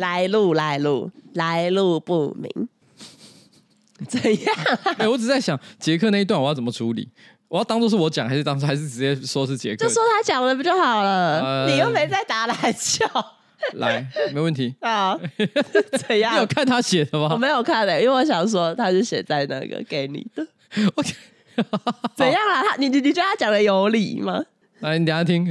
來路來路來路不明，怎樣？欸、我只在想傑克那一段我要怎麼處理？我要當做是我講，還是當時還是直接說是傑克？就說他講了不就好了？呃、你又沒在打籃球，來，沒問題啊？哦、怎樣？ 你有看他寫的嗎？我沒有看的、欸，因為我想說他是寫在那個給你的。我怎樣啦？哦、他你你你覺得他講的有理嗎？來，你等一下聽，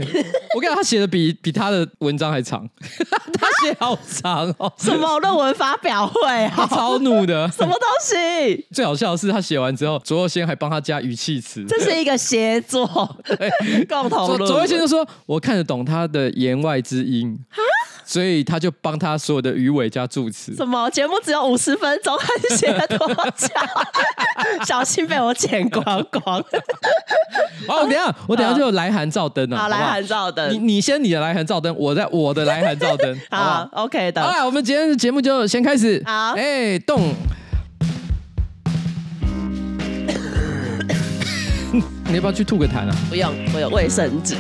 我感覺他寫的比比他的文章還長，啊、 他寫好長哦、喔，什麼論文發表會啊、喔，他超怒的，什麼東西？最好笑的是，他寫完之後，左右先還幫他加語氣詞，這是一個協作，對，共同。左右先就說：“我看得懂他的言外之音啊，所以他就幫他所有的魚尾加助詞。什麼節目只有五十分鐘，還寫多長？ 小心被我剪光光。好”哦，等一下，我等一下就有來函。照登啊！好，來函照登。你你先，你的來函照登。我在我的來函照登。好，OK 的。好了，我們今天的節目就先開始。好，哎，動。你要不要去吐個痰啊？不用，我有衛生紙。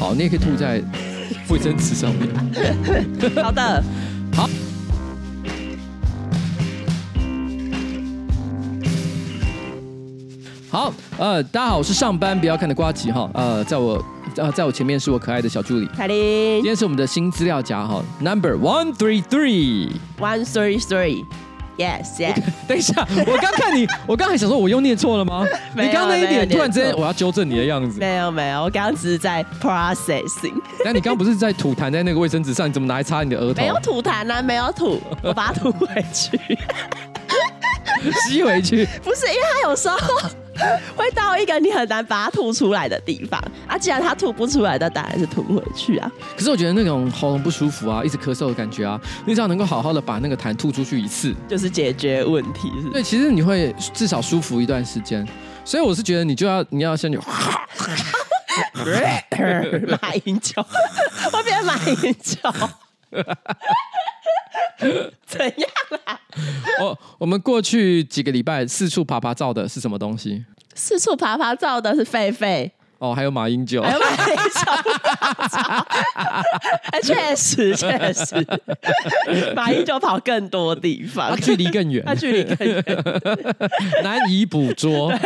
好，你也可以吐在衛生紙上面。好的，好。好，呃，大家好，我是上班不要看的呱吉哈、哦，呃，在我呃，在我前面是我可愛的小助理凱琳，今天是我們的新資料夾哈，Number one three three one three three，yes yes，yes. 等一下，我剛看你， 我剛還想說，我又念錯了嗎？ 有你剛那一點突然之間 我要糾正你的樣子，沒有沒有，我剛剛只是在 processing， 但你剛不是在吐痰在那個衛生紙上，你怎麼拿來擦你的額頭沒、啊？沒有吐痰呢？沒有吐，我把它吐回去， 吸回去，不是因為他有時候。會到一個你很難把它吐出來的地方啊！既然它吐不出來的，那當然是吐不回去啊。可是我覺得那種喉嚨不舒服啊，一直咳嗽的感覺啊，你只要能夠好好的把那個痰吐出去一次，就是解決問題。是對，其實你會至少舒服一段時間。所以我是覺得你就要，你要先就馬英九，我變馬英九。 怎樣啊？哦，oh, 我們過去幾個禮拜四處趴趴走的是什麼東西？四處趴趴走的是狒狒。哦，還有馬英九， 哎，確實確實，馬英九跑更多地方，他距離更遠，他距離更遠，難以捕捉。對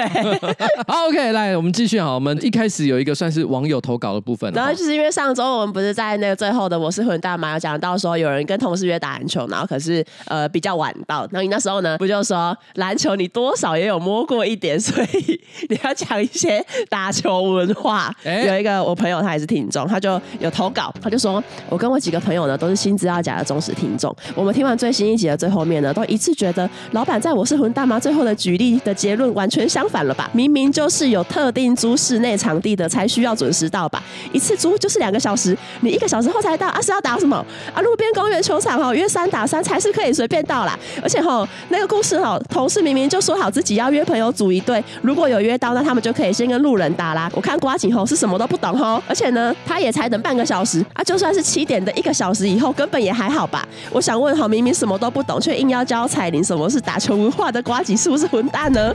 好，OK，來，我們繼續。好，我們一開始有一個算是網友投稿的部分，然後就是因為上周我們不是在那個最後的我是混蛋嘛，有講到說有人跟同事約打籃球，然後可是呃比較晚到，然後你那時候呢不就說籃球你多少也有摸過一點，所以你要講一些打球文。話哇、欸、有一個我朋友，他也是聽眾，他就有投稿，他就說，我跟我幾個朋友呢，都是新資料夾的忠實聽眾。我們聽完最新一集的最後面呢，都一致覺得老闆在《我是混蛋嗎》最後的舉例的結論完全相反了吧？明明就是有特定租室內場地的才需要準時到吧？一次租就是兩個小時，你一個小時後才到啊，是要打什麼啊？路邊公園球場哈，約三打三才是可以隨便到啦。而且哈，那個故事哈，同事明明就說好自己要約朋友組一隊，如果有約到，那他們就可以先跟路人打啦。我。看呱吉吼，是什麼都不懂。而且呢，他也才等半個小時啊，就算是七點的一個小時以後，根本也還好吧。我想問哈，明明什麼都不懂，卻硬要教彩玲什麼是打球文化的呱吉，是不是混蛋呢？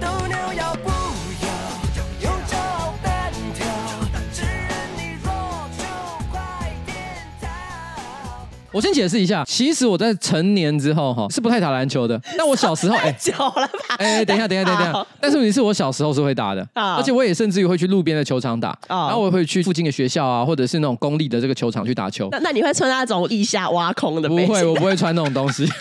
我先解釋一下，其實我在成年之後哈是不太打籃球的。那我小時候，哎，久了吧？哎，等一下，等一下，等一下。但是，問題是我小時候是會打的啊，而且我也甚至於會去路邊的球場打啊，然後我會去附近的學校啊，或者是那種公立的這個球場去打球。那那你會穿那種腋下挖空的？不會，我不會穿那種東西。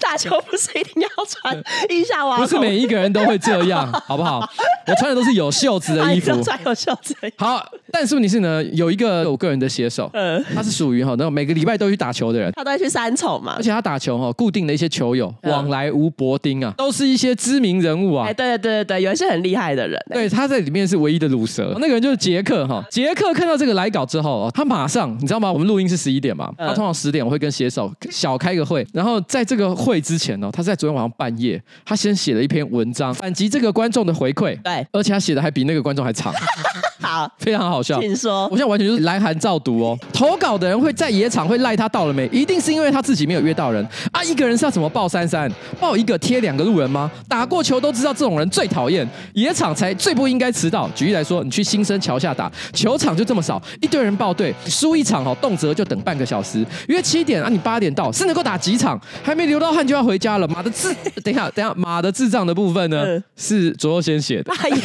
打球不是一定要穿腋下挖空？不是每一個人都會這樣，好不好？我穿的都是有袖子的衣服，穿有袖子的衣服。好，但是問題是呢，有一個我個人的寫手，嗯，他是屬於哈那種每。每個禮拜都去打球的人，他都在去三重嘛，而且他打球哦、喔，固定的一些球友往來無白丁啊，都是一些知名人物啊，哎，對對對對有一些很厲害的人，對，他在裡面是唯一的魯蛇，那個人就是杰克哈，杰克看到這個來稿之後、喔，他馬上你知道嗎？我們錄音是十一點嘛，他通常十點我會跟寫手小開個會，然後在這個會之前呢、喔，他是在昨天晚上半夜，他先寫了一篇文章，反擊這個觀眾的回饋，對，而且他寫的還比那個觀眾還長， 好，非常好笑，請說我現在完全就是來函照讀哦、喔，投稿的人會在野。場會賴他到了沒？一定是因為他自己沒有約到人啊！一個人是要怎麼抱三三抱一個貼兩個路人嗎？打過球都知道，這種人最討厭。野場才最不應該遲到。舉例來說，你去新生橋下打，球場就這麼少，一堆人報隊，輸一場哦，動輒就等半個小時。約七點啊，你八點到是能夠打幾場？還沒流到汗就要回家了，馬的智……等一下，等一下，馬的智障的部分呢？呃、是左右先寫的。哎、呀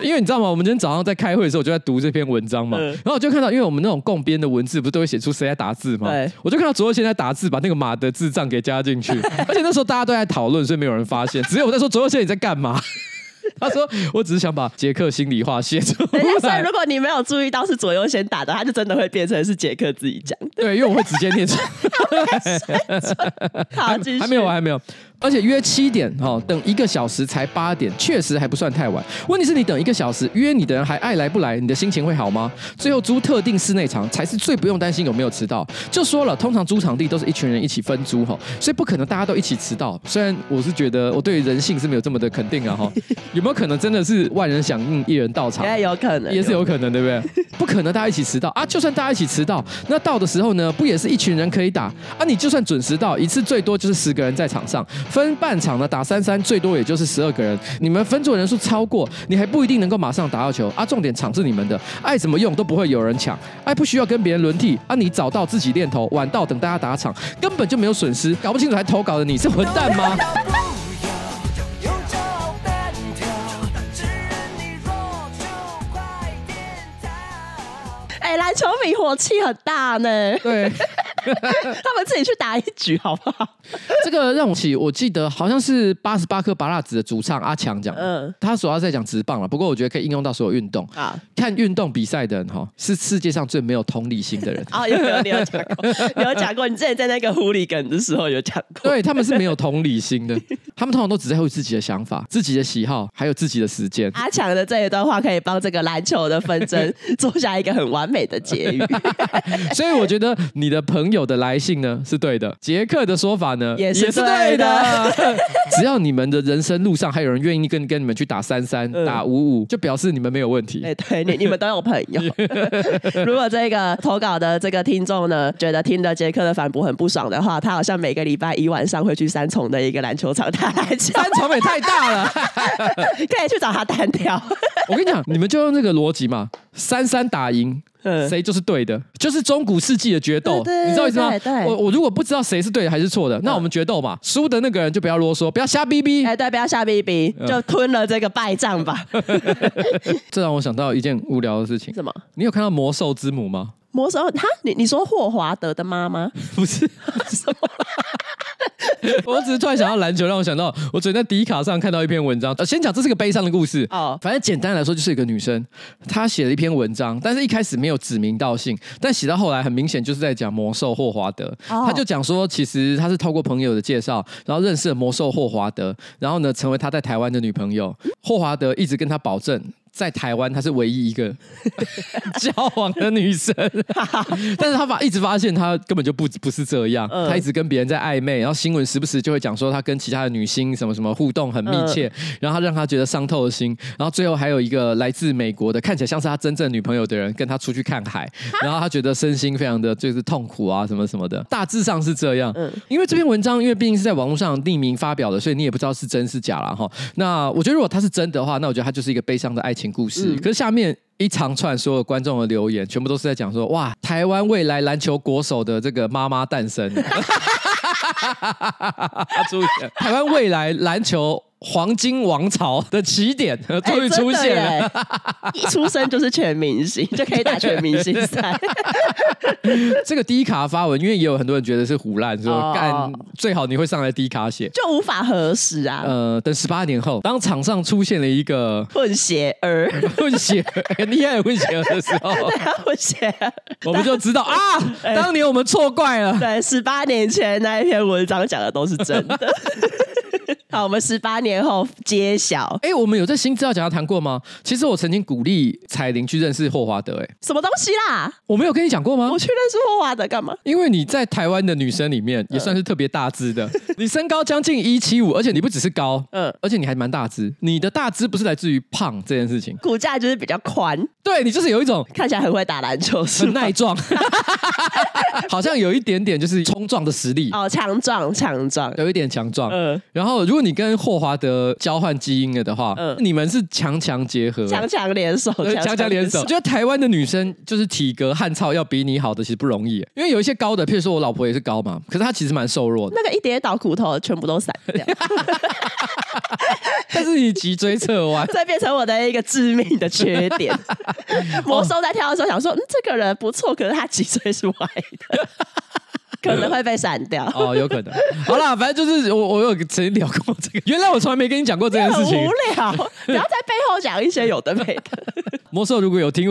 因為你知道嗎？我們今天早上在開會的時候，我就在讀這篇文章嘛，呃、然後我就看到，因為我們那種共編的文字，不是都會寫出誰打字嘛，對我就看到左右先在打字，把那個馬的智障給加進去， 而且那時候大家都在討論，所以沒有人發現。只有我在說 左右先你在幹嘛？ 他說，我只是想把傑克心裡話寫出來。等一下，所以如果你沒有注意到是左右先打的，他就真的會變成是傑克自己講。對，因為我會直接念出來。 好，繼續。還沒有，還沒有。而且約七點哈、哦，等一個小時才八點，確實還不算太晚。問題是你等一個小時，約你的人還愛來不來，你的心情會好嗎？最後租特定室內場才是最不用擔心有沒有遲到。就說了，通常租場地都是一群人一起分租哈、哦，所以不可能大家都一起遲到。雖然我是覺得我對人性是沒有這麼的肯定啊哈，哦、 有沒有可能真的是萬人響應、嗯、一人到場？也有可能，也是有可能，可能對不對？不可能大家一起遲到啊！就算大家一起遲到，那到的時候呢，不也是一群人可以打啊？你就算準時到，一次最多就是十個人在場上。分半場呢，打三三最多也就是十二個人，你們分組人數超過，你還不一定能夠馬上打到球啊！重點場是你們的，愛怎麼用都不會有人搶，愛不需要跟別人輪替啊！你早到自己練投，晚到等大家打場，根本就沒有損失。搞不清楚還投稿的你是混蛋嗎？ 欸，籃球迷火氣很大呢，對 他們自己去打一局好不好？這個讓我起，我記得好像是八十八顆芭樂籽的主唱阿強講，嗯，他主要在講職棒了。不過我覺得可以應用到所有運動啊。看運動比賽的人哈，是世界上最沒有同理心的人哦，有沒有講過？你有講過， 你有講過。你之前在那個狐狸梗的時候有講過，對他們是沒有同理心的， 他們通常都只在乎自己的想法、自己的喜好，還有自己的時間。阿強的這一段話可以幫這個籃球的紛爭 做下一個很完美。 的結語 局， 所以我覺得你的朋友的來信呢是對的，傑克的說法呢也是對的。 只要你們的人生路上還有人願意跟跟你們去打三三、嗯、打五五，就表示你們沒有問題。哎，對，你你們都有朋友。 如果這個投稿的這個聽眾呢，覺得聽了傑克的反駁很不爽的話，他好像每個禮拜一晚上會去三重的一個籃球場打籃球，三重也太大了， 可以去找他單挑。 我跟你講，你們就用這個邏輯嘛，三三打贏，誰就是對的，就是中古世紀的決鬥，對對對，你知道意思嗎？我對我如果不知道誰是對的還是錯的，那我們決鬥吧。輸的那個人就不要囉嗦，不要瞎逼逼，哎、欸、對，不要瞎逼逼，就吞了這個敗仗吧。 這讓我想到一件無聊的事情，什麼？你有看到魔獸之母嗎？魔獸？蛤？你你說霍華德的媽媽 不是 什麼啦？ 我只是突然想到籃球，讓我想到我昨天在迪卡上看到一篇文章。先講，這是個悲傷的故事。哦，反正簡單來說，就是一個女生她寫了一篇文章，但是一開始沒有指名道姓，但寫到後來很明顯就是在講魔獸霍華德。他就講說，其實他是透過朋友的介紹，然後認識了魔獸霍華德，然後呢成為他在台灣的女朋友。霍華德一直跟他保證，在台灣她是唯一一個交往的女生，但是他發一直發現他根本就不不是這樣，他一直跟別人在曖昧，然後心。新聞時不時就會講說，他跟其他的女星什麼什麼互動很密切，然後他讓他覺得傷透了心，然後最後還有一個來自美國的，看起來像是他真正女朋友的人跟他出去看海，然後他覺得身心非常的就是痛苦啊什麼什麼的，大致上是這樣。因為這篇文章因為畢竟是在網絡上匿名發表的，所以你也不知道是真是假了哈。那我覺得如果他是真的話，那我覺得他就是一個悲傷的愛情故事。可是下面一長串所有觀眾的留言，全部都是在講說，哇，台灣未來籃球國手的這個媽媽誕生。 哈哈哈哈哈哈哈哈注意台灣未來籃球黃金王朝的起點，終於出現了，一出生就是全明星，就可以打全明星賽。這個 D 卡發文，因為也有很多人覺得是唬爛說，幹，最好你會上來 D 卡寫，就無法核實啊。呃，等十八年後，當場上出現了一個混血兒，混血很厲害，混血兒的時候，混血，我們就知道啊，當年我們錯怪了。對，十八年前那一篇文章講的都是真的。好，我們十八年後揭曉。哎、欸，我們有在新資料夾講要談過嗎？其實我曾經鼓勵彩玲去認識霍華德、欸。哎，什麼東西啦？我沒有跟你講過嗎？我去認識霍華德幹嘛？因為你在台灣的女生裡面也算是特別大只的。嗯、你身高將近一七五，而且你不只是高，嗯，而且你還蠻大只。你的大只不是來自於胖這件事情，骨架就是比較寬。對，你就是有一種看起來很會打籃球，是很耐撞， 好像有一點點就是衝撞的實力。哦，強壯，強壯，有一點強壯。嗯，然後如果。如果你跟霍華德交換基因了的話，嗯、你們是強強結合，強強聯手，強強聯手。我覺得台灣的女生就是體格漢草要比你好的其實不容易，因為有一些高的，譬如說我老婆也是高嘛，可是她其實蠻瘦弱的。那個一跌倒骨頭全部都散掉，但是你脊椎側彎，再 變成我的一個致命的缺點。 魔獸在跳的時候想說，哦、嗯，這個人不錯，可是他脊椎是歪的。 可能會被刪掉。哦，有可能。 好啦，反正就是我，我有曾經聊過這個。 原來我從來沒跟你講過這件事情。無聊， 不要在背後講一些有的沒的。 魔獸如果有聽，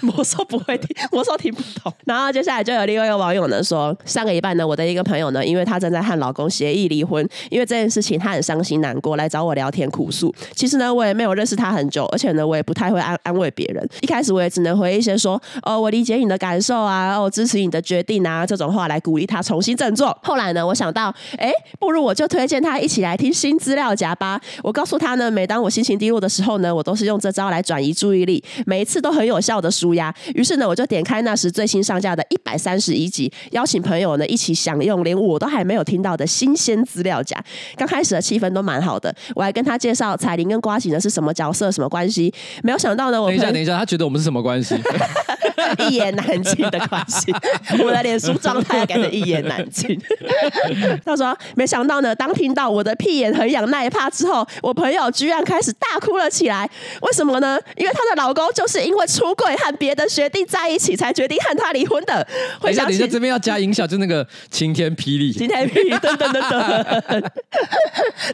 魔獸不會聽，魔獸聽不懂。 然後接下來就有另外一個網友呢說：上個禮拜呢，我的一個朋友呢，因為她正在和老公協議離婚，因為這件事情她很傷心難過，來找我聊天哭訴。其實呢，我也沒有認識他很久，而且呢，我也不太會安安慰別人。一開始我也只能回一些說，哦，我理解你的感受啊，哦，我支持你的決定啊，這種話來鼓勵他重新振作。後來呢，我想到，哎，不如我就推薦他一起來聽新資料夾吧。我告訴他呢，每當我心情低落的時候呢，我都是用這招來轉移注意力。每一次都很有效的舒壓，於是呢，我就點開那時最新上架的一百三十一集，邀請朋友呢一起享用連我都還沒有聽到的新鮮資料夾。剛開始的氣氛都蠻好的，我還跟他介紹彩鈴跟呱吉呢是什麼角色、什麼關係。沒有想到呢，我等一下，等一下，他覺得我們是什麼關係？ 一言難盡的關係。 我的臉書狀態改成一言難盡。 他說：“沒想到呢，當聽到我的屁眼很癢那一趴之後，我朋友居然開始大哭了起來。為什麼呢？因為他的老。”就是因為出櫃，和別的學弟在一起，才決定和他離婚的。等一下，等一下，這邊要加音效，就那個晴天霹靂！晴天霹靂，真的真的。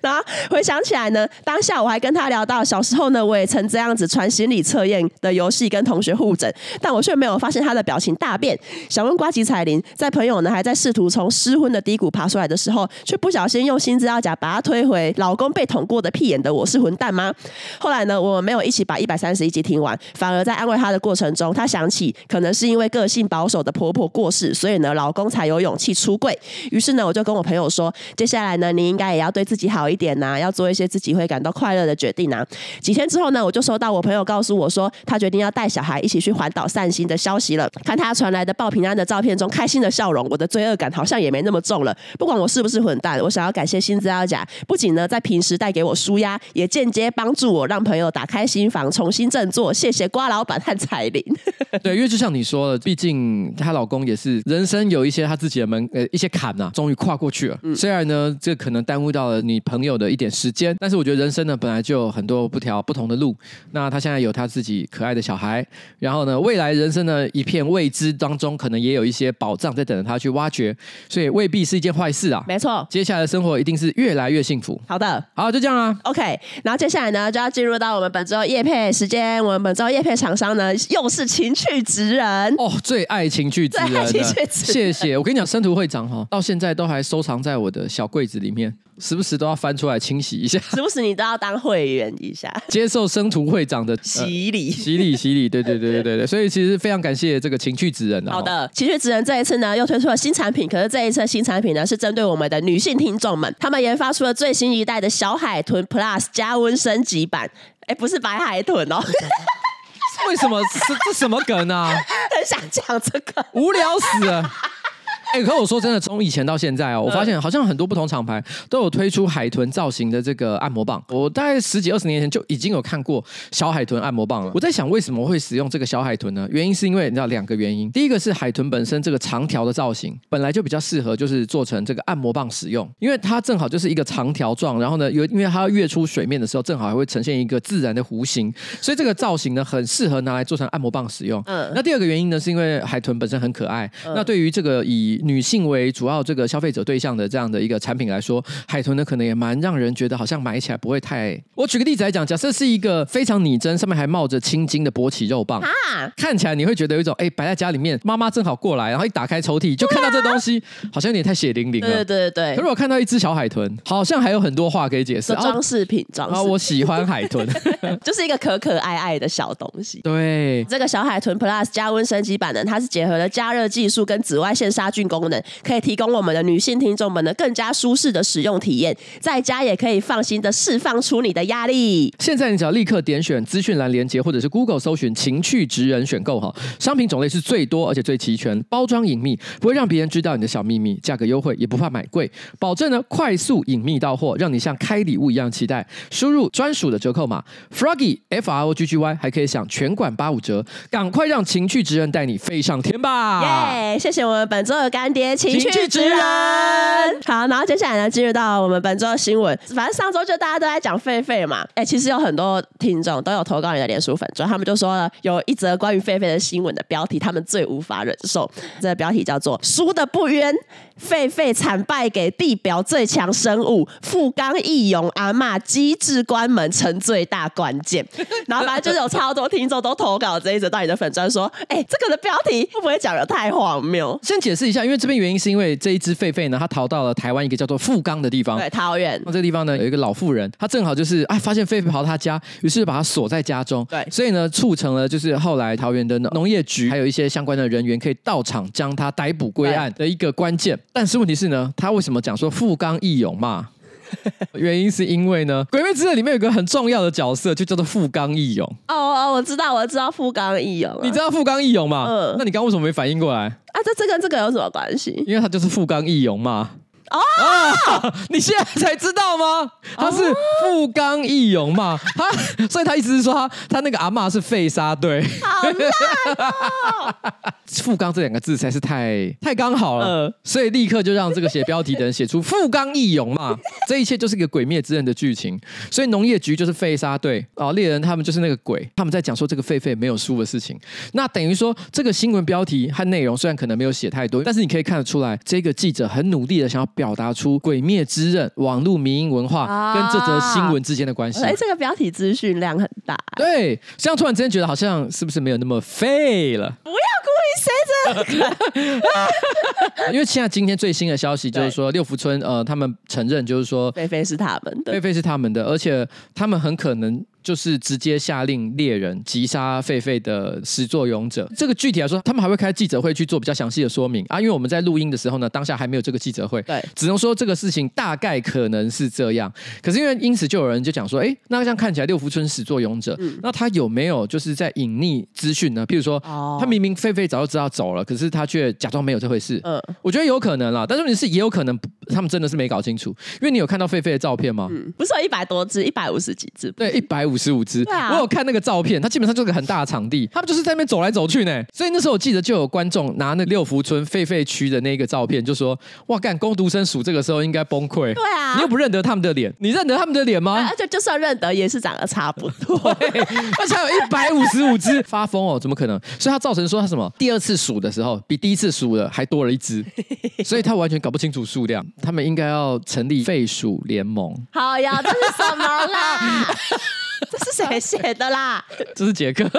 然後回想起來呢，當下我還跟他聊到小時候呢，我也曾這樣子傳心理測驗的遊戲跟同學互整，但我卻沒有發現他的表情大變。想問呱吉彩鈴，在朋友呢還在試圖從失婚的低谷爬出來的時候，卻不小心用新資料夾把他推回老公被捅過的屁眼的，我是混蛋嗎？後來呢，我們沒有一起把一百三十一集聽完。反而在安慰她的過程中，她想起可能是因為個性保守的婆婆過世，所以呢，老公才有勇氣出櫃。於是呢，我就跟我朋友說：“接下來呢，你應該也要對自己好一點吶、啊，要做一些自己會感到快樂的決定啊。”幾天之後呢，我就收到我朋友告訴我說，她決定要帶小孩一起去環島散心的消息了。看他傳來的報平安的照片中，開心的笑容，我的罪惡感好像也沒那麼重了。不管我是不是混蛋，我想要感謝新資料夾，不僅呢在平時帶給我舒壓，也間接幫助我讓朋友打開心房，重新振作。謝謝呱老闆和彩鈴，對，因為就像你說的，畢竟她老公也是人生有一些他自己的門呃一些坎啊，終於跨過去了。嗯、雖然呢，這可能耽誤到了你朋友的一點時間，但是我覺得人生呢本來就有很多不條不同的路。那她現在有她自己可愛的小孩，然後呢，未來人生的一片未知當中，可能也有一些寶藏在等着她去挖掘，所以未必是一件壞事啊。沒錯，接下來的生活一定是越來越幸福。好的，好，就這樣啊 OK，然後接下來呢，就要進入到我們本周業配時間，我們本。招業配廠商呢，又是情趣職人哦，oh, 最愛情趣職人，最愛情趣職人。謝謝我跟你講，生徒會長哈，到現在都還收藏在我的小櫃子裡面，時不時都要翻出來清洗一下。時不時你都要當會員一下，接受生徒會長的洗禮，呃、洗禮，洗禮。對對對對對所以其實非常感謝這個情趣職人啊。好的，情趣職人這一次呢，又推出了新產品。可是這一次的新產品呢，是針對我們的女性聽眾們，他們研發出了最新一代的小海豚 Plus 加溫升級版。哎，不是白海豚哦。 為什麼？這這什麼梗啊？很想講這個，無聊死。 哎、欸，可我說真的，從以前到現在哦，我發現好像很多不同廠牌都有推出海豚造型的這個按摩棒。我大概十幾二十年前就已經有看過小海豚按摩棒了。我在想為什麼會使用這個小海豚呢？原因是因為你知道兩個原因。第一個是海豚本身這個長條的造型本來就比較適合，就是做成這個按摩棒使用，因為它正好就是一個長條狀。然後呢，有因為它要躍出水面的時候，正好還會呈現一個自然的弧形，所以這個造型呢很適合拿來做成按摩棒使用。嗯。那第二個原因呢，是因為海豚本身很可愛。那對於這個以女性為主要這個消費者對象的這樣的一個產品來說，海豚呢可能也蠻讓人覺得好像買起來不會太……我舉個例子來講，假設是一個非常擬真、上面還冒着青筋的勃起肉棒啊，哈看起來你會覺得有一種哎，擺、欸、在家裡面，媽媽正好過來，然後一打開抽屜就看到這東西，啊、好像有點太血淋淋了。對，對對對。可是我看到一隻小海豚，好像還有很多話可以解釋。裝飾品，裝飾。啊、哦，我喜歡海豚， 就是一個可可愛可愛的小東西。對，這個小海豚 Plus 加溫升級版呢，它是結合了加熱技術跟紫外線殺菌。功能可以提供我們的女性聽眾們呢更加舒適的使用體驗，在家也可以放心的釋放出你的壓力。現在你只要立刻點選資訊欄鏈接，或者是 Google 搜尋“情趣職人選購”好，商品種類是最多而且最齊全，包裝隱秘，不會讓別人知道你的小秘密，價格優惠也不怕買貴，保證呢快速隱秘到貨，讓你像開禮物一樣期待。輸入專屬的折扣碼 Froggy F R O G G Y，還可以享全館八五折，趕快讓情趣職人帶你飛上天吧！耶，謝謝我們本周的。乾爹，情趣職人。好，然後接下來呢，進入到我們本周的新聞。反正上周就大家都在講狒狒嘛。哎、欸，其實有很多聽眾都有投稿你的臉書粉專，他們就說了有一則關於狒狒的新聞的標題，他們最無法忍受。這個、標題叫做“輸的 不冤，狒狒慘敗給地表最強生物，富岡義勇阿嬤機智關門成最大關鍵”。然後反正就是有超多聽眾都投稿這一則到你的粉專，說：“哎、欸，這個的標題會不，不會講的太荒謬？”先解釋一下。因為這邊原因是因為這一只狒狒呢，它逃到了台灣一個叫做富岡的地方。對，桃園。那這個地方呢，有一個老婦人，她正好就是啊，發現狒狒跑到她家，於是把它鎖在家中。對，所以呢，促成了就是後來桃園的農業局還有一些相關的人員可以到場將他逮捕歸案的一個關鍵。對但是問題是呢，他為什麼講說富岡義勇嘛？ 原因是因為呢，《鬼滅之刃》裡面有個很重要的角色，就叫做富岡義勇。哦哦，我知道，我知道富岡義勇。你知道富岡義勇嗎？嗯，那你剛剛為什麼沒反應過來？啊，這這跟這個有什麼關係？因為他就是富岡義勇嘛。啊！Oh, oh, 你現在才知道嗎？他是富岡義勇嘛？他、oh. 所以他意思是說他他那個阿嬤是廢殺隊。好爛！富岡這兩個字才是太太剛好了，uh. 所以立刻就讓這個寫標題的人寫出富岡義勇嘛。 這一切就是一個鬼滅之刃的劇情。所以農業局就是廢殺隊啊，獵人他們就是那個鬼。他們在講說這個狒狒沒有輸的事情。那等於說這個新聞標題和內容雖然可能沒有寫太多，但是你可以看得出來，這個記者很努力的想要表。表達出《鬼滅之刃》網絡迷因文化跟這則新聞之間的關係。哎、啊欸，這個標題資訊量很大、欸。對，這樣突然之間覺得好像是不是沒有那麼廢了？不要故意說着。因為現在今天最新的消息就是說，對六福村呃，他們承認就是說，狒狒是他們的，狒狒是他們的，而且他們很可能。就是直接下令獵人擊殺狒狒的始作俑者，這個具體來說，他們還會開記者會去做比較詳細的說明啊。因為我們在錄音的時候呢，當下還沒有這個記者會。對，只能說這個事情大概可能是這樣。可是因為因此就有人就講說，哎、欸，那像看起來六福村始作俑者，嗯、那他有沒有就是在隱匿資訊呢？譬如說，哦、他明明狒狒早就知道走了，可是他卻假裝沒有這回事。嗯，我覺得有可能啦，但是問題是也有可能他們真的是沒搞清楚。因為你有看到狒狒的照片嗎？嗯、不是有一百多隻，一百五十幾隻，對，一百五。五十五隻，對啊，我有看那個照片，它基本上就是個很大的場地，他們就是在那邊走來走去呢。所以那時候我記得就有觀眾拿那六福村狒狒區的那個照片，就說：“哇，幹工讀生數這個時候應該崩潰。”對啊，你又不認得他們的臉，你認得他們的臉嗎？就就算認得，也是長得差不多。而且有一百五十五隻， 發瘋哦，喔，怎麼可能？所以他造成說他什麼？第二次數的時候，比第一次數的還多了一隻， 所以他完全搞不清楚數量。他們應該要成立廢鼠聯盟。好呀，這是什麼啦？ 這是誰寫的啦？這是傑克。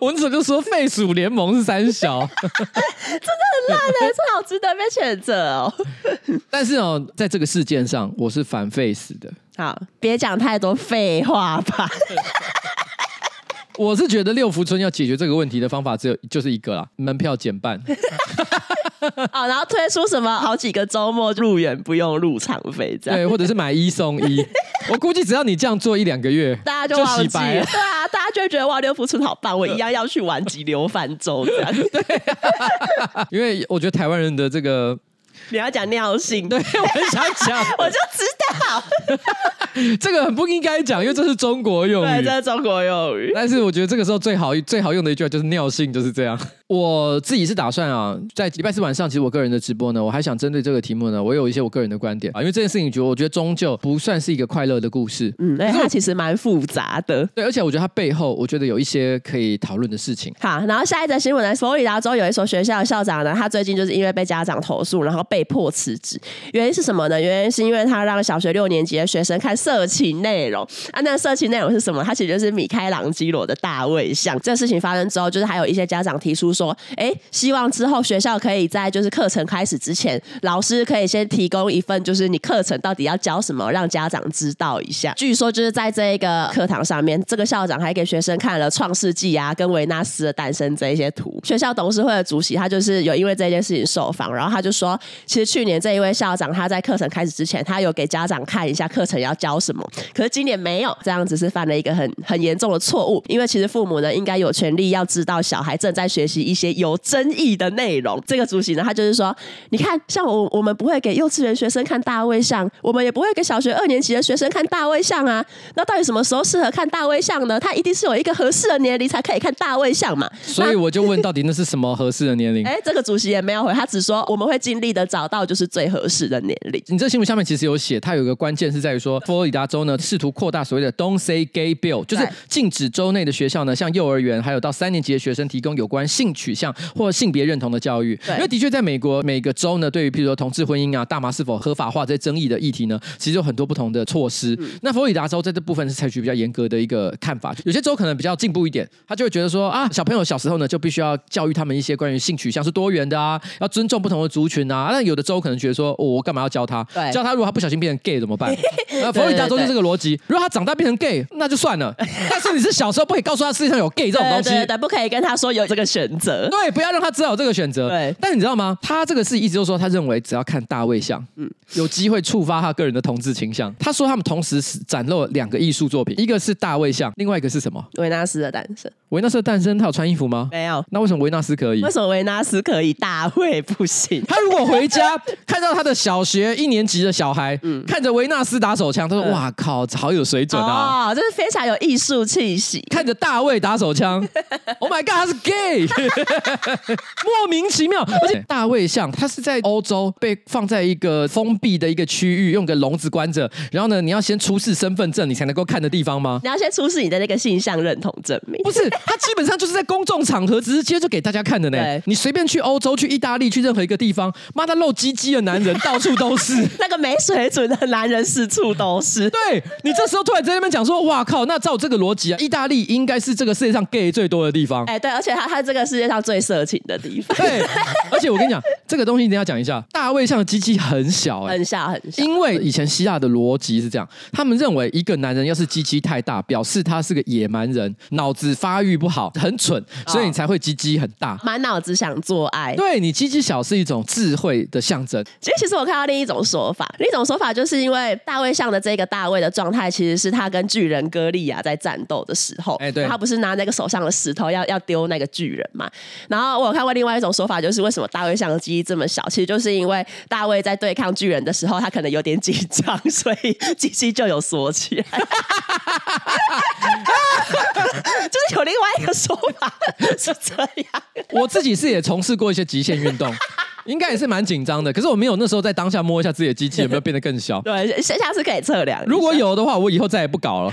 我們早就說 廢死聯盟是三小， 真的很爛 的，最好值得被譴責哦。但是哦、喔，在這個事件上，我是反廢死的。好，別講太多廢話吧。 我是覺得六福村要解決這個問題的方法，只有就是一個啦，門票減半。 啊、 哦，然後推出什麼好幾個周末入園不用入場費這樣，對，或者是買一送一。 我估計只要你這樣做一兩個月，大家就忘記了。 對啊，大家就會覺得哇，六福村好棒，我一樣要去玩急流泛舟這樣子。 對、啊，因為我覺得台灣人的這個你要講尿性，對我很想講， 我就直。好， 這個很不應該講，因為這是中國用語，對，這是中國用語。但是我覺得這個時候最好最好用的一句話就是“尿性就是這樣”。我自己是打算啊，在禮拜四晚上，其實我個人的直播呢，我還想針對這個題目呢，我有一些我個人的觀點啊。因為這件事情，我覺得終究不算是一個快樂的故事，嗯，對、欸，是它其實蠻複雜的。對，而且我覺得它背後，我覺得有一些可以討論的事情。好，然後下一則新聞呢，佛羅里達州有一所學校的校長呢，他最近就是因為被家長投訴，然後被迫辭職，原因是什麼呢？原因是因為他讓小學六年級的學生看色情內容啊？那色情內容是什麼？它其實就是米開朗基羅的大衛像。這事情發生之後，就是還有一些家長提出說：“哎、欸，希望之後學校可以在就是課程開始之前，老師可以先提供一份，就是你課程到底要教什麼，讓家長知道一下。”據說就是在這一個課堂上面，這個校長還給學生看了《創世紀》啊，跟維納斯的誕生這一些圖。學校董事會的主席他就是有因為這件事情受訪，然後他就說：“其實去年這一位校長他在課程開始之前，他有給家長。”想看一下課程要教什麼，可是今年沒有這樣子，是犯了一個很很嚴重的錯誤。因為其實父母呢，應該有權利要知道小孩正在學習一些有爭議的內容。這個主席呢，他就是說，你看，像我我們不會給幼稚園學生看大衛像，我們也不會給小學二年級的學生看大衛像啊。那到底什麼時候適合看大衛像呢？他一定是有一個合適的年齡才可以看大衛像嘛。所以我就問，到底那是什麼合適的年齡？哎、 欸，這個主席也沒有回，他只說我們會盡力的找到就是最合適的年齡。你這新聞下面其實有寫，他有。一個關鍵是在於說，佛羅里達州呢試圖擴大所謂的 “Don't Say Gay” Bill，就是禁止州內的學校呢向幼兒園還有到三年級的學生提供有關性取向或性別認同的教育。對因為的確，在美國每個州呢，對於譬如說同志婚姻啊、大麻是否合法化這些爭議的議題呢，其實有很多不同的措施。嗯、那佛羅里達州在這部分是採取比較嚴格的一個看法，有些州可能比較進步一點，他就會覺得說啊，小朋友小時候呢就必須要教育他們一些關於性取向是多元的啊，要尊重不同的族群啊。那、啊、有的州可能覺得說，哦、我幹嘛要教他？對教他如果他不小心變成 gay？怎麼辦？佛羅里達州就是這個邏輯。如果他長大變成 gay，那就算了。但是你是小時候不可以告訴他世界上有 gay 這種東西，對，不可以跟他說有這個選擇。對，不要讓他知道有這個選擇。對。但你知道嗎？他這個事一直都說，他認為只要看大衛像，嗯，有機會觸發他個人的同志傾向。他說他們同時展露兩個藝術作品，一個是大衛像，另外一個是什麼？維納斯的誕生。維納斯的誕生，他有穿衣服嗎？沒有。那為什麼維納斯可以？為什麼維納斯可以？大衛不行。他如果回家看到他的小學一年級的小孩，嗯。看着維納斯打手槍，他說：“哇靠，好有水準啊！”哦，這是非常有藝術氣息。看着大衛打手槍 ，Oh my God，他是 gay， 莫名其妙。而且大衛像他是在歐洲被放在一個封閉的一個區域，用個籠子關着。然後呢，你要先出示身份證，你才能夠看的地方嗎？你要先出示你的那個性向認同證明。不是，他基本上就是在公眾場合直接就給大家看的呢。對你隨便去歐洲、去意大利、去任何一個地方，媽的露雞雞的男人到處都是， 那個沒水準的。男人四處都是對，對你這時候突然在那邊講說，哇靠！那照這個邏輯啊，意大利應該是這個世界上 gay 最多的地方。哎、欸，對，而且他他這個世界上最色情的地方。對， 而且我跟你講，這個東西一定要講一下，大衛像的雞雞很小，欸，很小很小，因為以前希臘的邏輯是這樣，他們認為一個男人要是雞雞太大，表示他是個野蠻人，腦子發育不好，很蠢，所以你才會雞雞很大，哦，滿腦子想做愛。對你雞雞小是一種智慧的象徵。其實，其實我看到另一種說法，另一種說法就是。是因為大衛像的這個大衛的狀態，其實是他跟巨人哥利亞在戰鬥的時候，哎，對，他不是拿那個手上的石頭要要丟那個巨人嘛？然後我有看過另外一種說法，就是為什麼大衛像的雞這麼小，其實就是因為大衛在對抗巨人的時候，他可能有點緊張，所以雞雞就有縮起來， 就是有另外一個說法是這樣。我自己是也從事過一些極限運動。 應該也是蠻緊張的，可是我沒有那時候在當下摸一下自己的機器有沒有變得更小。對，線下是可以測量。如果有的話，我以後再也不搞了。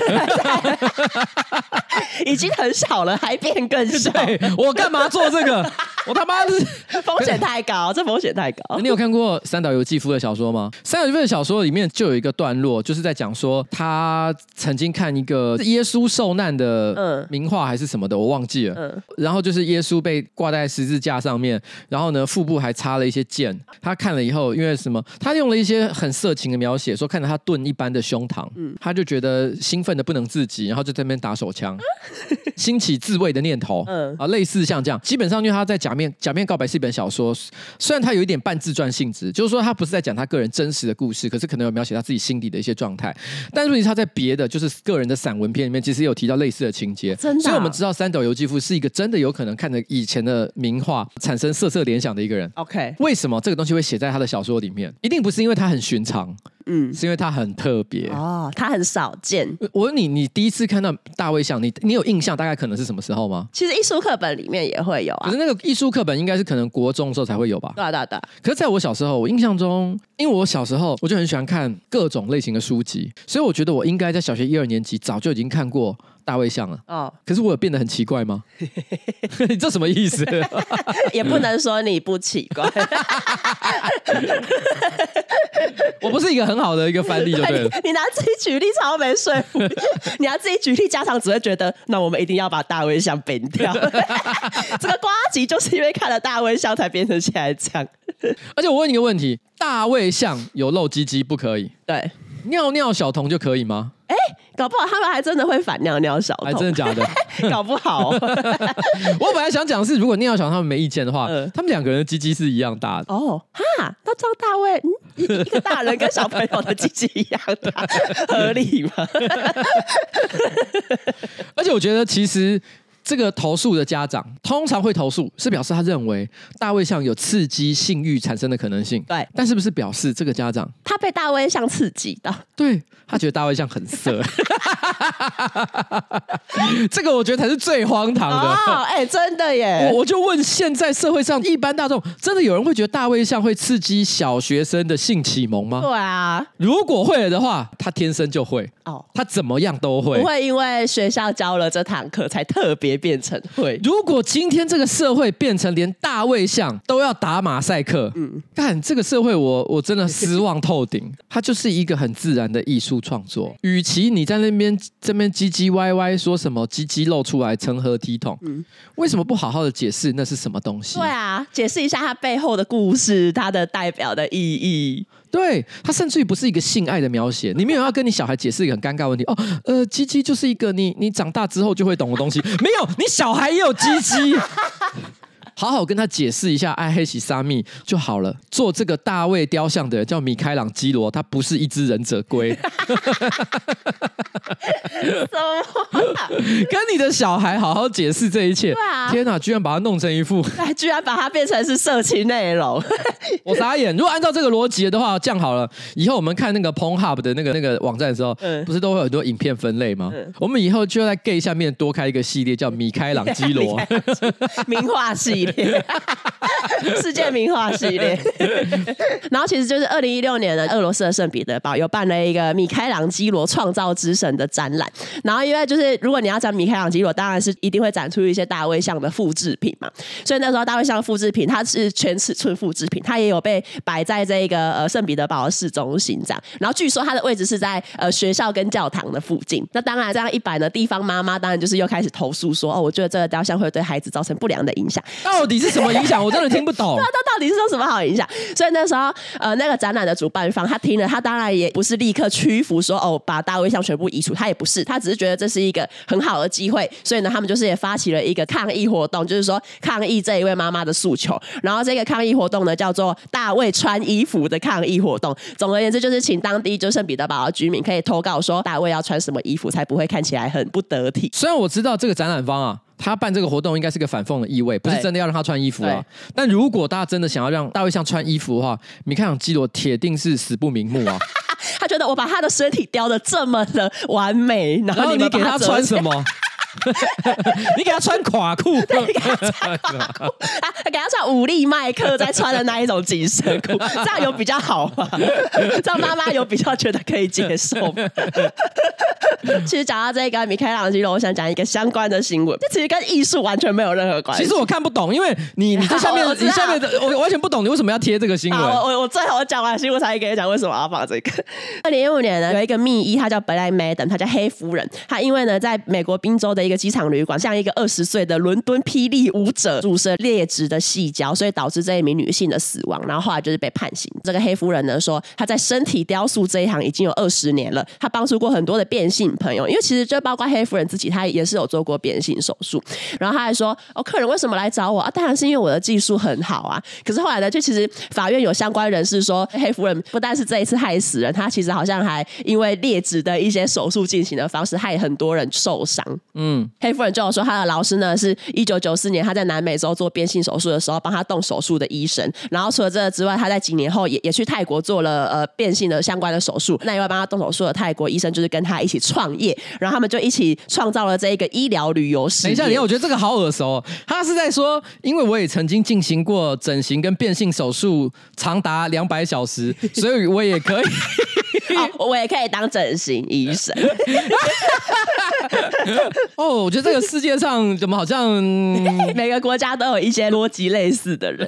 已經很小了，還變更小？我幹嘛做這個？ 我他媽是風險太高， 這風險太高。你有看過三島由紀夫的小說嗎？三島由紀夫的小說裡面就有一個段落，就是在講說他曾經看一個耶穌受難的名畫還是什麼的，嗯、我忘記了。嗯、然後就是耶穌被掛在十字架上面，然後呢，腹部還插了一些箭。他看了以後，因為什麼？他用了一些很色情的描寫，說看着他盾一般的胸膛，嗯、他就覺得興奮的不能自已，然後就在那邊打手槍，嗯、 興起自慰的念頭，嗯、啊，類似像這樣。基本上，因為他在講。面假面告白是一本小說，雖然它有一點半自傳性質，就是說他不是在講他個人真實的故事，可是可能有描寫他自己心底的一些狀態。但問題是他在別的就是個人的散文篇裡面，其實也有提到類似的情節。哦，真的啊、所以我們知道三島由紀夫是一個真的有可能看着以前的名畫產生色色聯想的一個人。OK，為什麼這個東西會寫在他的小說裡面？一定不是因為他很尋常，嗯，是因為他很特別啊、哦，他很少見。我問你，你第一次看到大衛像，你你有印象大概可能是什麼時候嗎？其實藝術課本裡面也會有啊，可是那個藝術。書課本應該是可能國中的時候才會有吧。對啊，對啊。可是在我小時候，我印象中，因為我小時候我就很喜歡看各種類型的書籍，所以我覺得我應該在小學一二年級早就已經看過。大衛像啊！哦，可是我有變得很奇怪嗎？ 你這什麼意思？ 也不能說你不奇怪。 我不是一個很好的一個範例，就對了對。你拿自己舉例超沒說服力， 你拿自己舉例，家長只會覺得，那我們一定要把大衛像 ban 掉。 這個呱吉就是因為看了大衛像才變成現在這樣。 而且我問你一個問題：大衛像有露雞雞不可以？對，尿尿小童就可以嗎？哎、欸，搞不好他們還真的會反尿尿小童，還、欸、真的假的？欸、搞不好。 我本來想講是，如果尿小他們沒意見的話，嗯、他們兩個人的雞雞是一樣大的。哦，哈，那張大衛，一、嗯、一個大人跟小朋友的雞雞一樣大， 合理嗎？ 而且我覺得其實。這個投訴的家長通常會投訴，是表示他認為大衛像有刺激性慾產生的可能性。對，但是不是表示這個家長他被大衛像刺激到，對，他覺得大衛像很色。 哈， 這個我覺得才是最荒唐的。哎、oh, 欸，真的耶！我就問，現在社會上一般大眾真的有人會覺得大衛像會刺激小學生的性啟蒙嗎？對啊，如果會的話，他天生就會哦，他怎麼樣都會，oh, 不會因為學校教了這堂課才特別變成會。如果今天這個社會變成連大衛像都要打馬賽克，但看、嗯、這個社會我，我我真的失望透頂。它就是一個很自然的藝術創作，對與其你在那邊。這邊唧唧歪歪說什麼“唧唧”露出來成何體統？嗯。為什麼不好好的解釋那是什麼東西？對啊，解釋一下它背後的故事，它的代表的意義。對，它甚至於不是一個性愛的描寫。你沒有要跟你小孩解釋一個很尷尬問題 哦？呃，唧唧就是一個你你長大之後就會懂的東西， 沒有，你小孩也有唧唧。 好好跟他解釋一下愛、啊、黑喜沙蜜就好了。做這個大衛雕像的叫米開朗基羅，他不是一隻忍者龜。 話 跟你的小孩好好解釋這一切。對啊。天哪、啊、居然把他弄成一副。居然把它變成是色情內容。 我傻眼。如果按照這個邏輯的話，這樣好了以後，我們看那個 Pornhub 的那個那個網站的時候，嗯、不是都會有很多影片分類嗎？嗯、我們以後就在 Gay 下面多開一個系列，叫米開朗基羅 名畫系。 世界名畫系列。 然後，其實就是二零一六年的俄羅斯聖彼得堡有辦了一個米開朗基羅創造之神的展覽。然後，因為就是如果你要講米開朗基羅，當然是一定會展出一些大衛像的複制品嘛。所以那時候，大衛像複制品它是全尺寸複制品，它也有被擺在這一個呃聖彼得堡的市中心這樣。然後，據說它的位置是在呃學校跟教堂的附近。那當然，這樣一擺呢，地方媽媽當然就是又開始投訴說哦，我覺得這個雕像會對孩子造成不良的影響。到底是什麼影響？我真的聽不懂。那他 到底是有什麼好影響？所以那時候，呃，那個展覽的主辦方他聽了，他當然也不是立刻屈服說，說哦，把大衛像全部移除。他也不是，他只是覺得這是一個很好的機會。所以呢，他們就是也發起了一個抗議活動，就是說抗議這一位媽媽的訴求。然後這個抗議活動呢，叫做“大衛穿衣服”的抗議活動。總而言之，就是請當地就聖彼得堡的居民可以投稿說，大衛要穿什麼衣服才不會看起來很不得體。雖然我知道這個展覽方啊。他辦這個活動應該是個反諷的意味，不是真的要讓他穿衣服啊。對但如果大家真的想要讓大衛像穿衣服的話，米開朗基羅鐵定是死不瞑目啊！ 他覺得我把他的身體雕的這麼的完美，然後你，他然後你給他穿什麼？ 你給他穿垮褲 ，啊， 他給他穿武力麥克在穿的那一種緊身褲，這樣有比較好嗎？ 這樣媽媽有比較覺得可以接受嗎？ 其實講到這個米開朗基羅，我想講一個相關的新聞，這其實跟藝術完全沒有任何關係。其實我看不懂，因為你你的下面好你下面的我，我完全不懂，你為什麼要貼這個新聞？我我最後我講完新聞才跟你講為什麼要放這個。二零一五年呢，有一個密醫，他叫 Black Madam，他叫黑夫人，他因為呢在美國賓州的。一個機場旅館，像一個二十歲的倫敦霹靂舞者注射劣質的矽膠，所以導致這一名女性的死亡。然後後來就是被判刑。這個黑夫人呢說，她在身體雕塑這一行已經有二十年了，她幫助過很多的變性朋友。因為其實就包括黑夫人自己，她也是有做過變性手術。然後她還說：“哦，客人為什麼來找我啊？當然是因為我的技術很好啊。”可是後來呢，就其實法院有相關人士說，黑夫人不但是這一次害死人，她其實好像還因為劣質的一些手術進行的方式，害很多人受傷。嗯。嗯，黑夫人就說，他的老師呢，是一九九四年他在南美洲做變性手術的時候幫他動手術的醫生。然後除了這個之外，他在幾年後也也去泰國做了呃變性的相關的手術。那因為幫他動手術的泰國醫生就是跟他一起創業，然後他們就一起創造了這一個醫療旅遊史。等一下，你，我覺得這個好耳熟。他是在說，因為我也曾經進行過整形跟變性手術，長達兩百小時，所以我也可以。 哦、我也可以當整形醫生 哦。我覺得這個世界上怎麼好像 每個國家都有一些邏輯類似的人。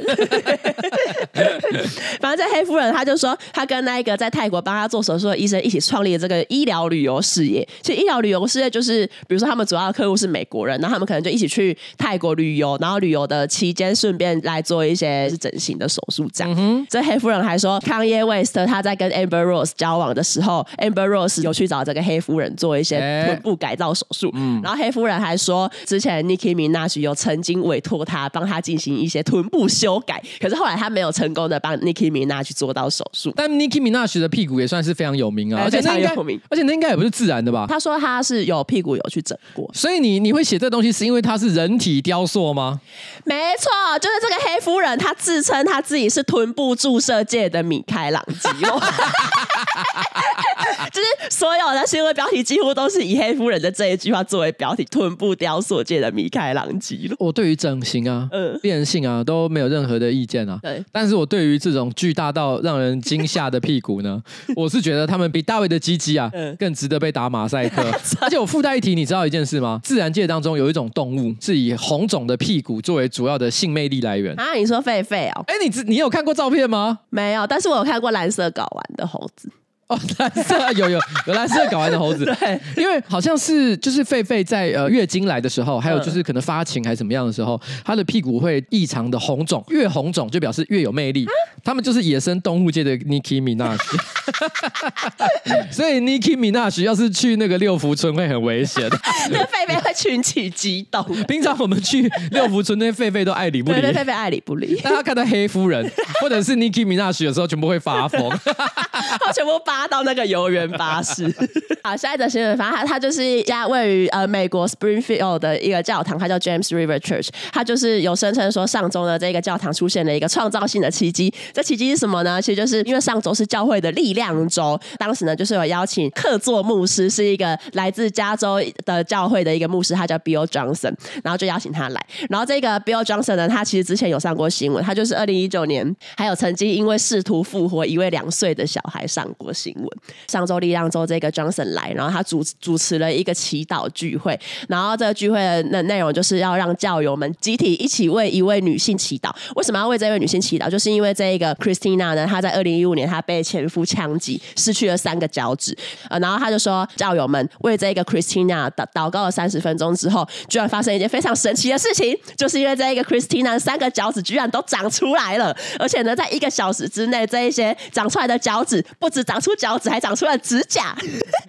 反正這黑夫人，她就說她跟那一個在泰國幫她做手術的醫生一起創立了這個醫療旅遊事業。其實醫療旅遊事業就是，比如說他們主要的客戶是美國人，然後他們可能就一起去泰國旅遊，然後旅遊的期間順便來做一些整形的手術。這樣，嗯、哼這黑夫人還說，康耶威斯特她在跟 Amber Rose 交。網的時候，Amber Rose 有去找這個黑夫人做一些臀部改造手術，欸嗯、然後黑夫人還說，之前 Nikki Minaj 有曾經委托她幫他進行一些臀部修改，可是後來他沒有成功的幫 Nikki Minaj 去做到手術。但 Nikki Minaj 的屁股也算是非常有名啊，欸、而且那應該，有名而且那應該也不是自然的吧？他說他是有屁股有去整過，所以你你會寫這東西是因為他是人體雕塑嗎？沒錯，就是這個黑夫人，她自稱她自己是臀部注射界的米開朗基羅 就是所有的新聞標題幾乎都是以黑夫人的這一句話作為標題。臀部雕塑界的米開朗基羅，我對於整形啊、嗯、變性啊都沒有任何的意見啊。對，但是我對於這種巨大到讓人驚嚇的屁股呢， 我是覺得他們比大衛的雞雞啊、嗯、更值得被打馬賽克。 而且我附帶一提，你知道一件事嗎？自然界當中有一種動物是以紅腫的屁股作為主要的性魅力來源啊？你說狒狒哦？哎、欸，你你有看過照片嗎？沒有，但是我有看過藍色睾丸的猴子。哦，藍色有有有藍色搞來的猴子，對，對，因為好像是就是狒狒在呃月經來的時候，還有就是可能發情還是怎麼樣的時候，它、嗯、的屁股會異常的紅腫，越紅腫就表示越有魅力。嗯、他們就是野生動物界的 Nicki Minaj， 所以 Nicki Minaj 要是去那個六福村會很危險，那狒狒會群起激動。平常我們去六福村，那些狒狒都愛理不理，狒狒愛理不理。但他看到黑夫人或者是 Nicki Minaj 有時候，全部會發瘋，他全部發。搭到那個遊園巴士。 好，下一則新聞，反正他他就是一家位於呃美國 Springfield 的一個教堂，他叫 James River Church。他就是有聲稱說上週呢，這個教堂出現了一個創造性的奇蹟。這奇蹟是什麼呢？其實就是因為上週是教會的力量週，當時呢就是有邀請客座牧師，是一個來自加州的教會的一個牧師，他叫 Bill Johnson，然後就邀請他來。然後這個 Bill Johnson 呢，他其實之前有上過新聞，他就是二零一九年還有曾經因為試圖復活一位兩歲的小孩上過。新聞上周，力量州這個 Johnson 來，然後他主主持了一個祈禱聚會，然後這個聚會的那內容就是要讓教友們集體一起為一位女性祈禱。為什麼要為這位女性祈禱？就是因為這一個 Christina 呢，她在二零一五年她被前夫槍擊，失去了三個腳趾。呃，然後他就說，教友們為這一個 Christina 禱禱告了三十分鐘之後，居然發生一件非常神奇的事情，就是因為這一個 Christina 三個腳趾居然都長出來了，而且呢，在一個小時之內，這一些長出來的腳趾不止長出。腳趾還長出了指甲，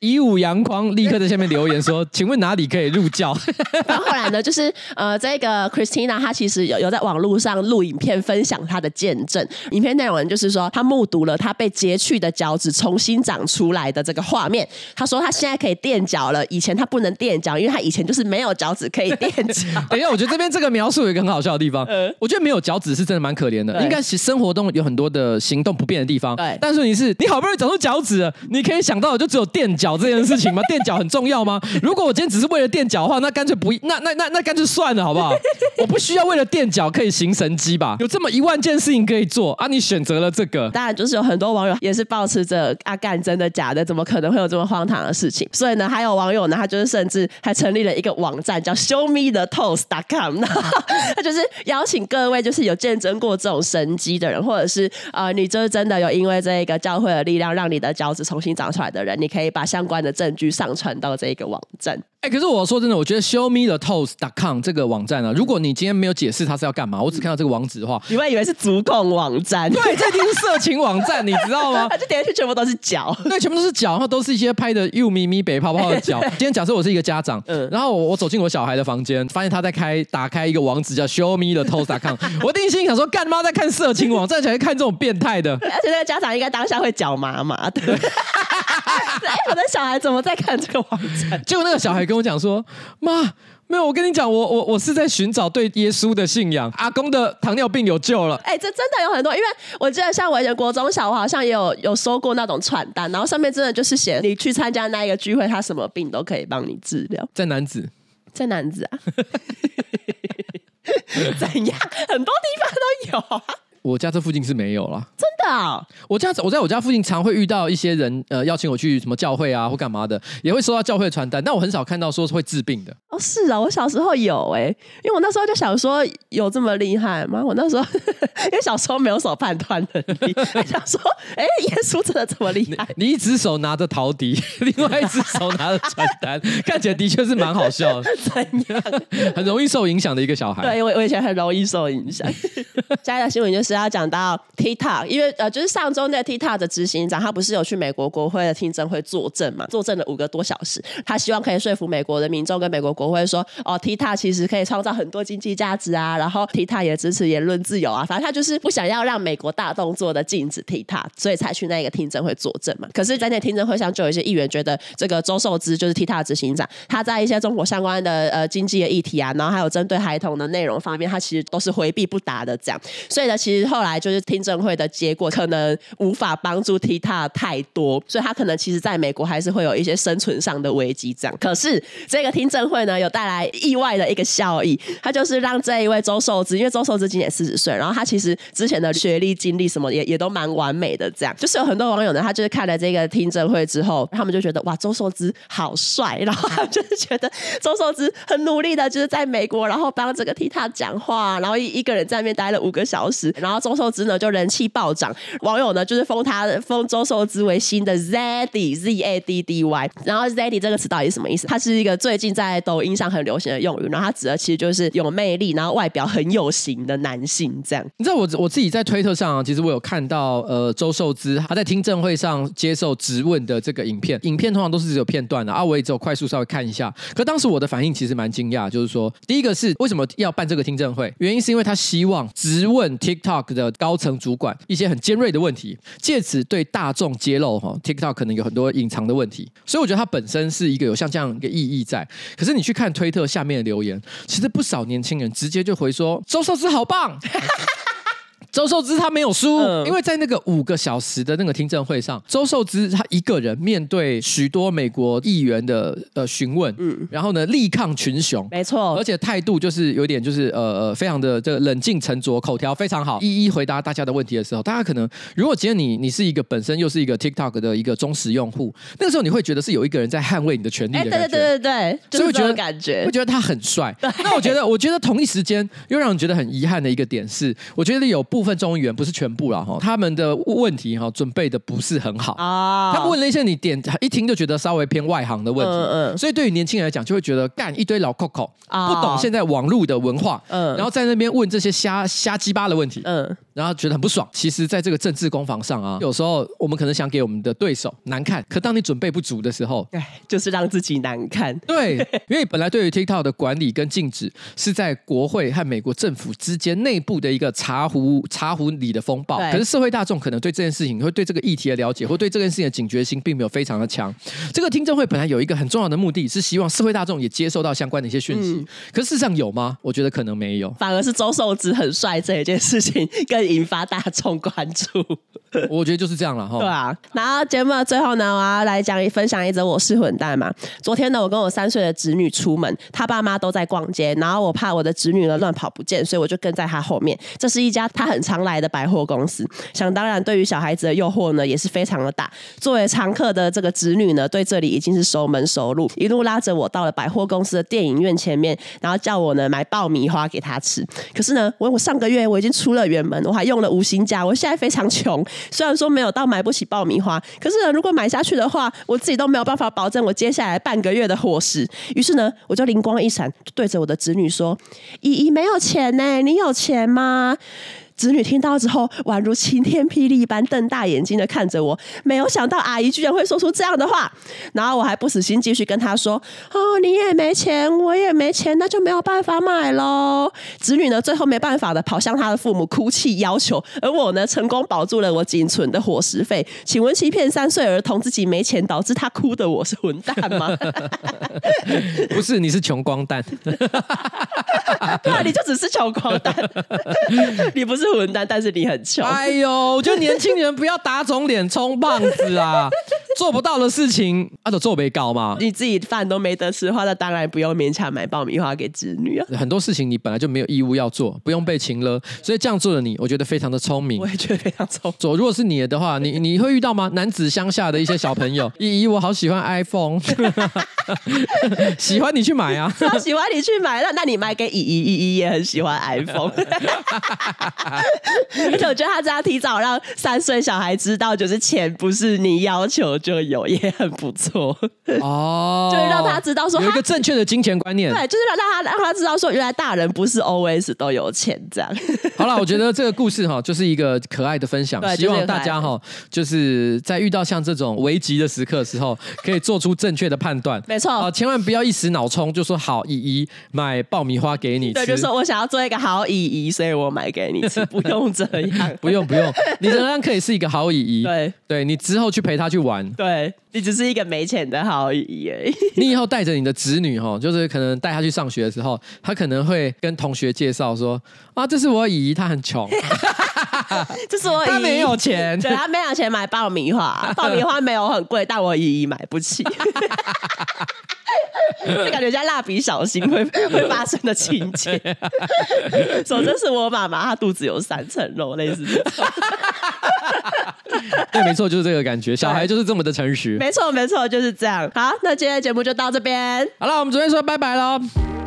以武陽光，立刻在下面留言說：“請問哪裡可以入教？” 然後後來呢，就是呃，這個 Christina 她其實有有在網絡上錄影片，分享她的見證。影片內容就是說她目睹了她被截去的腳趾重新長出來的這個畫面。她說她現在可以墊腳了，以前她不能墊腳，因為她以前就是沒有腳趾可以墊腳。等一下，我覺得這邊這個描述有一個很好笑的地方。我覺得沒有腳趾是真的蠻可憐的，應該是生活中有很多的行動不便的地方。對，但是你是你好不容易長出腳。猴子，你可以想到我就只有墊腳這件事情嗎？墊 腳很重要嗎？如果我今天只是為了墊腳的話，那乾脆不，那那那那,那乾脆算了，好不好？ 我不需要為了墊腳可以行神蹟吧？有這麼一萬件事情可以做啊！你選擇了這個，當然就是有很多網友也是抱持着阿、啊、幹真的假的，怎麼可能會有這麼荒唐的事情？所以呢，還有網友呢，他就是甚至還成立了一個網站叫 showmethetoast.com 他就是邀請各位就是有見證過這種神蹟的人，或者是呃，你就是真的有因為這一個教會的力量讓你的。腳趾重新長出來的人，你可以把相關的證據上傳到這個網站。欸、可是我說真的，我覺得 showmethetoast.com 這個網站啊，如果你今天沒有解釋他是要幹嘛，我只看到這個網址的話，你會以為是足控網站？對，這一定是色情網站，你知道嗎？他就點下去全部都是腳，對，全部都是腳，然後都是一些拍的 U 咪咪、白泡泡的腳。今天假設我是一個家長，嗯，然後我走進我小孩的房間，發現他在開打開一個網址叫 showmethetoast.com，我定一心想說，幹媽在看色情網站，才會看這種變態的，而且那個家長應該當下會腳麻麻的。哎，我的小孩怎麼在看這個網站？結果那個小孩跟我講說，媽沒有，我跟你講，我我我是在尋找對耶穌的信仰。阿公的糖尿病有救了，哎、欸，這真的有很多，因為我記得像我以前國中小，我好像也有有收過那種傳單，然後上面真的就是寫你去參加那一個聚會，他什麼病都可以幫你治療。在男子，在男子啊， 怎樣？很多地方都有啊。我家這附近是沒有了，真的哦？我家我在我家附近常會遇到一些人，呃，邀請我去什麼教會啊，或幹嘛的，也會收到教會的傳單。但我很少看到說是會治病的。哦，是啊，我小時候有哎、欸，因為我那時候就想說有這麼厲害嗎？我那時候呵呵因為小時候沒有什麼判斷能力， 還想說，哎，耶穌真的這麼厲害你？你一只手拿着陶笛，另外一只手拿着傳單， 看起來的確是蠻好笑的。怎樣？ 很容易受影響的一個小孩。對，因為我，我以前很容易受影響。今天 的新聞就是。要講到 TikTok，因為呃，就是上周的 TikTok 的執行長，他不是有去美國國會的聽證會作證嘛？作證了五個多小時，他希望可以說服美國的民眾跟美國國會說，哦，TikTok 其實可以創造很多經濟價值啊，然後 TikTok 也支持言論自由啊。反正他就是不想要讓美國大動作的禁止 TikTok，所以才去那個聽證會作證嘛。可是，在那聽證會上，就有一些議員覺得，這個周受資就是 TikTok 的執行長，他在一些中國相關的呃經濟的議題啊，然後還有針對孩童的內容方面，他其實都是回避不答的這樣。所以呢，其實。後來就是聽證會的結果，可能無法幫助 TikTok 太多，所以他可能其實，在美國還是會有一些生存上的危機。這樣，可是這個聽證會呢，有帶來意外的一個效益，他就是讓這一位周受資，因為周受資今年四十歲，然後他其實之前的學歷、經歷什麼也也都蠻完美的。這樣，就是有很多網友呢，他就是看了這個聽證會之後，他們就覺得哇，周受資好帥，然後他們就是覺得周受資很努力的，就是在美國，然後幫這個 TikTok 講話，然後一一個人在那邊待了五個小時，然後。周受資呢，就人氣暴漲，網友呢就是封他封周受資為新的 Zaddy Z, dy, Z A D D Y。然後 Zaddy 這個詞到底是什麼意思？它是一個最近在抖音上很流行的用語，然後它指的其實就是有魅力，然後外表很有型的男性。這樣，你知道我我自己在推特上、啊，其實我有看到呃周受資他在聽證會上接受質問的這個影片，影片通常都是只有片段的啊，啊，我也只有快速稍微看一下。可當時我的反應其實蠻驚訝，就是說第一個是為什麼要辦這個聽證會？原因是因為他希望質問 TikTok。的高層主管一些很尖銳的問題，借此對大眾揭露，哈，TikTok 可能有很多隱藏的問題，所以我覺得它本身是一個有像這樣一個意義在。可是你去看推特下面的留言，其實不少年輕人直接就回說周受資好棒。 周受資他沒有輸，嗯、因為在那個五個小時的那個聽證會上，周受資他一個人面對許多美國議員的呃詢問，嗯，然後呢力抗群雄，沒錯，而且態度就是有點就是呃呃非常的這個冷靜沉着，口條非常好，一一回答大家的問題的時候，大家可能如果今天你你是一個本身又是一個 TikTok 的一個忠實用戶，那個時候你會覺得是有一個人在捍衛你的權利的感覺，對，對對對對，就是，所以覺得感覺會覺得他很帥。對那我覺得我覺得同一時間又讓你覺得很遺憾的一個點是，我覺得有不。部分中年不是全部了哈，他們的問題哈準備的不是很好，啊、他他問了一些你點一聽就覺得稍微偏外行的問題，嗯嗯、所以對於年輕人來講就會覺得幹一堆老扣扣，啊、不懂現在網絡的文化，嗯、然後在那邊問這些瞎瞎雞巴的問題，嗯然後覺得很不爽。其實，在這個政治攻防上啊，有時候我們可能想給我們的對手難看，可當你準備不足的時候，哎，就是讓自己難看。對， 因為本來對於 TikTok 的管理跟禁止，是在國會和美國政府之間內部的一個茶壺茶壺裡的風暴。對可是社會大眾可能對這件事情，會對這個議題的了解，或對這件事情的警覺性，並沒有非常的強。這個聽證會本來有一個很重要的目的，是希望社會大眾也接受到相關的一些訊息。嗯、可是事實上有嗎？我覺得可能沒有，反而是周受資很帥這一件事情跟。引發大眾關注， 我覺得就是這樣了哈。 對啊，然後節目的最後呢，我要來講一分享一則我是混蛋嘛。昨天呢，我跟我三歲的侄女出門，她爸媽都在逛街，然後我怕我的侄女呢亂跑不見，所以我就跟在她後面。這是一家她很常來的百貨公司，想當然，對於小孩子的誘惑呢也是非常的大。作為常客的這個侄女呢，對這裡已經是熟門熟路，一路拉着我到了百貨公司的電影院前面，然後叫我呢買爆米花給她吃。可是呢，我我上個月我已經出了遠門，我。還用了五形家，我現在非常窮，雖然說沒有到買不起爆米花，可是呢，如果買下去的話，我自己都沒有辦法保證我接下來半個月的伙食。於是呢，我就靈光一閃，對着我的子女說：“姨姨沒有錢呢、欸，你有錢嗎？”子女聽到之後，宛如晴天霹靂般瞪大眼睛的看着我，沒有想到阿姨居然會說出這樣的話。然後我還不死心，繼續跟她說：“哦，你也沒錢，我也沒錢，那就沒有辦法買嘍。”子女呢，最後沒辦法的跑向他的父母哭泣，要求。而我呢，成功保住了我僅存的伙食費。請問，欺騙三歲兒童自己沒錢，導致他哭的，我是混蛋嗎？ 不是，你是窮光蛋。對啊 你就只是窮光蛋， 你不是。混但是你很窮。哎呦，我覺得，年輕人不要打腫臉充胖子啊， 做不到的事情，阿、啊、德做被告嗎？你自己飯都沒得吃，話那當然不用勉強買爆米花給子女啊。很多事情你本來就沒有義務要做，不用被情勒。所以這樣做的你，我覺得非常的聰明。我也覺得非常聰明。如果是你的話，你你會遇到嗎？男子鄉下的一些小朋友， 依依，我好喜歡 iPhone， 喜歡你去買啊！好喜歡你去買，那那你買給依依，依依也很喜歡 iPhone。 而且我覺得他這樣提早讓三歲小孩知道，就是錢不是你要求就有，也很不錯哦。就是讓他知道說有一個正確的金錢觀念，對，就是讓讓他讓他知道說，原來大人不是 always 都有錢這樣。 好了，我覺得這個故事哈、喔，就是一個可愛的分享，對就是、希望大家哈、喔，就是在遇到像這種危急的時刻的時候，可以做出正確的判斷。 沒錯錯，啊、呃，千萬不要一時腦衝就說好姨姨買爆米花給你吃，對，就說我想要做一個好姨姨，所以我買給你吃。不用這樣， 不用不用，你仍然可以是一個好姨姨。對對，你之後去陪她去玩，對你只是一個沒錢的好姨姨。你以後帶着你的姪女，就是可能帶她去上學的時候，她可能會跟同學介紹說啊，這是我姨姨，她很窮。這 是我姨姨，她沒有錢，對他、啊、沒有錢買爆米花，爆米花沒有很貴，但我姨姨買不起。 就 感覺像蠟筆小新會會發生的情節。說這是我媽媽，她肚子有三層肉，類似。 對，沒錯，就是這個感覺。小孩就是這麼的誠實。沒錯，沒錯，就是這樣。好，那今天的節目就到這邊。好了，我們準備說拜拜囉。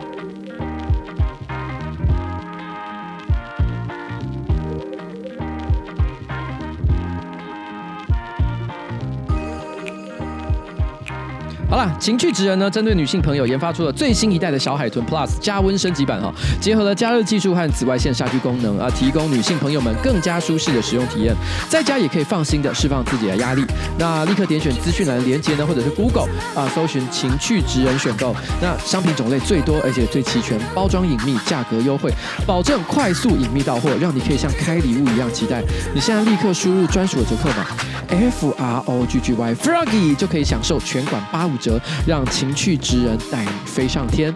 好啦，情趣職人呢，針對女性朋友研發出了最新一代的小海豚 Plus 加溫升級版哈，結合了加熱技術和紫外線殺菌功能啊、呃，提供女性朋友們更加舒適的使用體驗，在家也可以放心的釋放自己的壓力。那立刻點選資訊欄鏈接呢，或者是 Google 啊、呃、搜尋情趣職人選購，那商品種類最多而且最齊全，包裝隱秘，價格優惠，保證快速隱秘到貨，讓你可以像開禮物一樣期待。你現在立刻輸入專屬的折扣碼。F R O G G Y Froggy 就可以享受全館八五折，讓情趣職人帶你飛上天。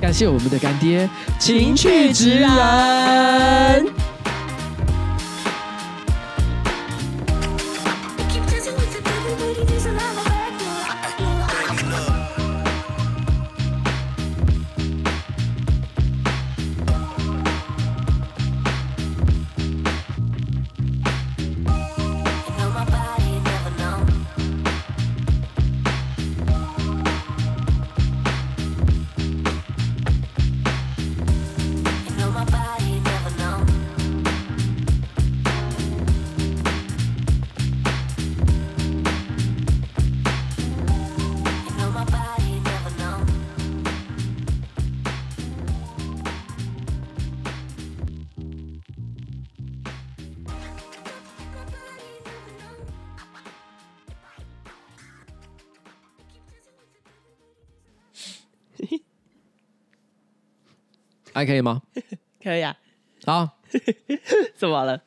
感謝我們的乾爹，情趣職人。還可以嗎？ 可以啊，好、啊， 怎麼了？